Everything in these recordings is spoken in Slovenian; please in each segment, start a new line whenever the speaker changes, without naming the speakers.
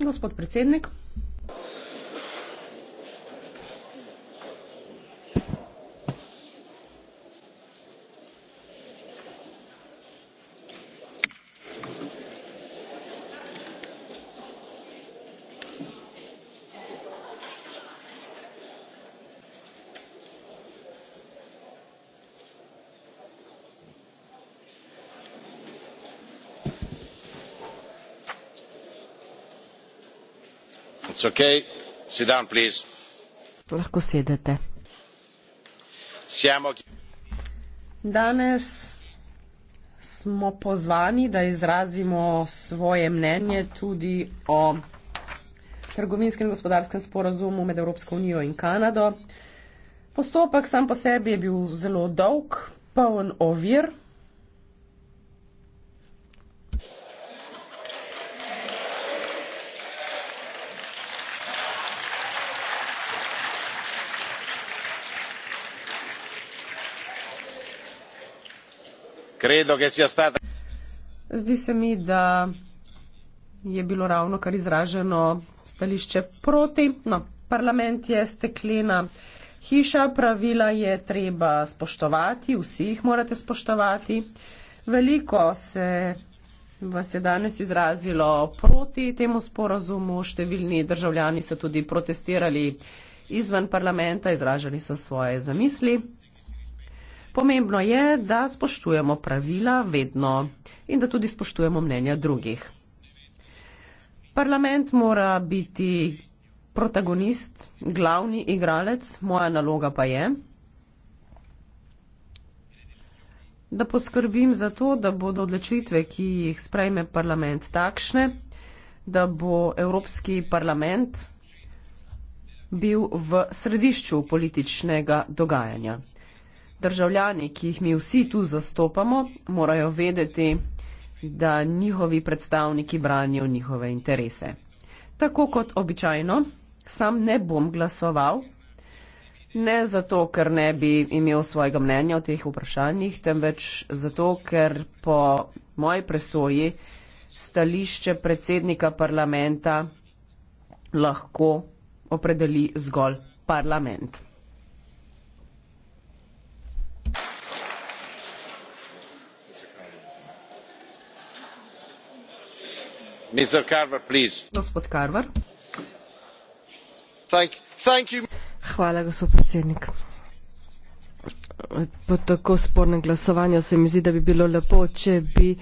gospod predsednik spoštovane kolegice in kolegi. lahko sedete. Danes smo pozvani, da izrazimo svoje mnenje tudi o trgovinskem gospodarskem sporazumu med Evropsko unijo in Kanado. Postopek sam po sebi je bil zelo dolg, poln ovir. Zdi se mi, da je bilo ravno kar izraženo stališče proti. No, parlament je steklena hiša, pravila je treba spoštovati, vsi jih morate spoštovati. Veliko se vas je danes izrazilo proti temu sporazumu, številni državljani so tudi protestirali izven parlamenta, izražali so svoje zamisli. Pomembno je, da spoštujemo pravila vedno in da tudi spoštujemo mnenja drugih. Parlament mora biti protagonist, glavni igralec, moja naloga pa je, da poskrbim za to, da bodo odločitve, ki jih sprejme parlament, takšne, da bo Evropski parlament bil v središču političnega dogajanja državljani, ki jih mi vsi tu zastopamo, morajo vedeti, da njihovi predstavniki branijo njihove interese. Tako kot običajno, sam ne bom glasoval, ne zato, ker ne bi imel svojega mnenja o teh vprašanjih, temveč zato, ker po moji presoji stališče predsednika parlamenta lahko opredeli zgolj parlament.
gospod predsednik po tako spornem glasovanju se mi zdi da bi bilo lepo če bi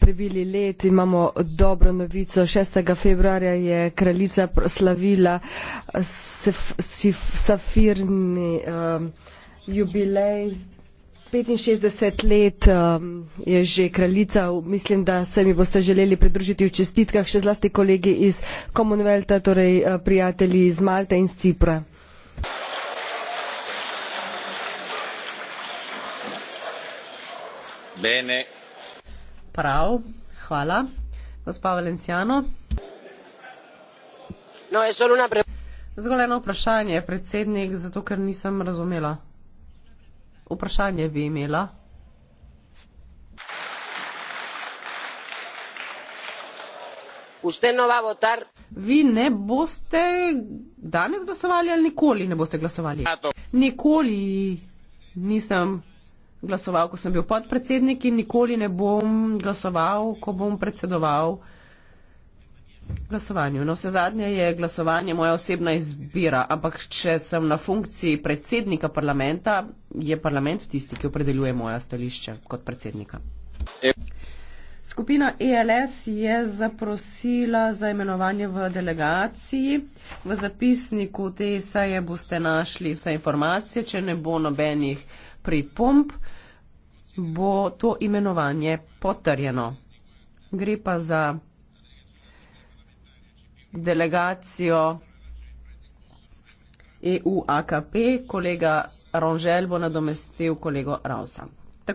prebili led imamo dobro novico šestega februarja je kraljica proslavila safirni jubilej 65 let um, je že kraljica, mislim, da se mi boste želeli pridružiti v čestitkah, še zlasti kolegi iz Commonwealtha, torej uh, prijatelji iz Malte in Cipra. Bene.
Prav, hvala. Gospa Valenciano. No, Zgolj eno vprašanje, predsednik, zato ker nisem razumela vprašanje bi imela. Usted no va a votar. Vi ne boste danes glasovali ali nikoli ne boste glasovali? Nikoli nisem glasoval, ko sem bil podpredsednik in nikoli ne bom glasoval, ko bom predsedoval glasovanju. No, vse zadnje je glasovanje moja osebna izbira, ampak če sem na funkciji predsednika parlamenta, je parlament tisti, ki opredeljuje moja stališča kot predsednika. Skupina ELS je zaprosila za imenovanje v delegaciji. V zapisniku te seje boste našli vse informacije, če ne bo nobenih pripomp, bo to imenovanje potrjeno. Gre pa za delegacijo EU AKP, kolega Rožel bo nadomestil kolego Rausa.